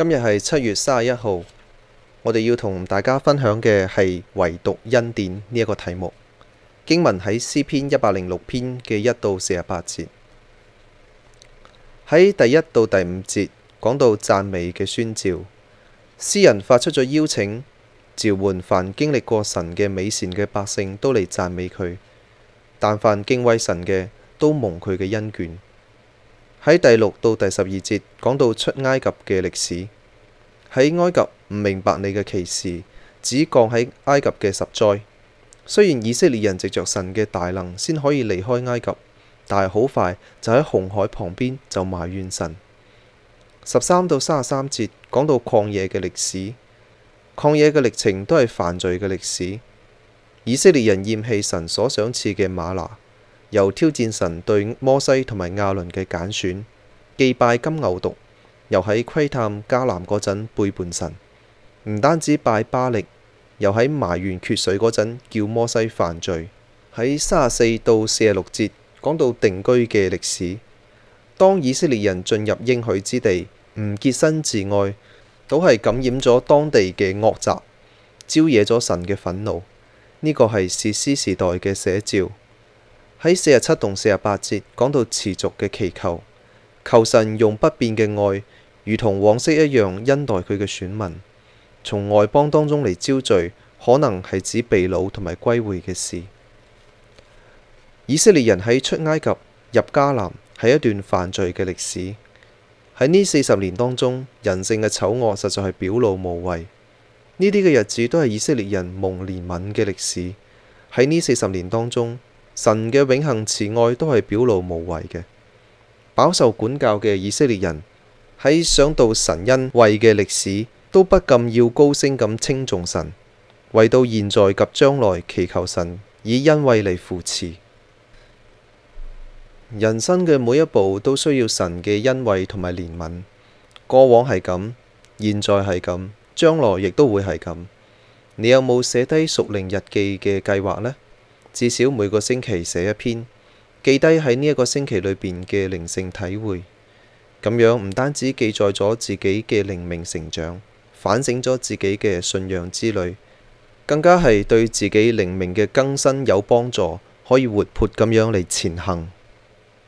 今日係七月三十一號，我哋要同大家分享嘅係唯獨恩典呢一個題目。經文喺詩篇一百零六篇嘅一到四十八節，喺第一到第五節講到讚美嘅宣召，詩人發出咗邀請，召喚凡經歷過神嘅美善嘅百姓都嚟讚美佢，但凡敬畏神嘅都蒙佢嘅恩眷。喺第六到第十二節講到出埃及嘅歷史，喺埃及唔明白你嘅歧視，只降喺埃及嘅十災。雖然以色列人藉着神嘅大能先可以離開埃及，但係好快就喺紅海旁邊就埋怨神。十三到三十三節講到曠野嘅歷史，曠野嘅歷程都係犯罪嘅歷史。以色列人厭棄神所賞賜嘅馬拿。由挑戰神對摩西同埋亞倫嘅揀選，既拜金牛犢，又喺窺探迦南嗰陣背叛神；唔單止拜巴力，又喺埋怨缺水嗰陣叫摩西犯罪。喺三十四到四十六節講到定居嘅歷史，當以色列人進入應許之地，唔潔身自愛，倒係感染咗當地嘅惡習，招惹咗神嘅憤怒。呢、這個係士師時代嘅寫照。喺四十七同四十八節講到持續嘅祈求，求神用不變嘅愛，如同往昔一樣恩待佢嘅選民。從外邦當中嚟，招聚，可能係指被擄同埋歸回嘅事。以色列人喺出埃及入迦南係一段犯罪嘅歷史。喺呢四十年當中，人性嘅醜惡實在係表露無遺。呢啲嘅日子都係以色列人蒙憐憫嘅歷史。喺呢四十年當中。神嘅永恆慈愛都係表露無遺嘅，飽受管教嘅以色列人喺想到神恩惠嘅歷史，都不禁要高聲咁稱頌神，為到現在及將來祈求神以恩惠嚟扶持。人生嘅每一步都需要神嘅恩惠同埋憐憫，過往係咁，現在係咁，將來亦都會係咁。你有冇寫低屬靈日記嘅計劃呢？至少每個星期寫一篇，記低喺呢一個星期裏邊嘅靈性體會，咁樣唔單止記載咗自己嘅靈命成長，反省咗自己嘅信仰之旅，更加係對自己靈命嘅更新有幫助，可以活潑咁樣嚟前行。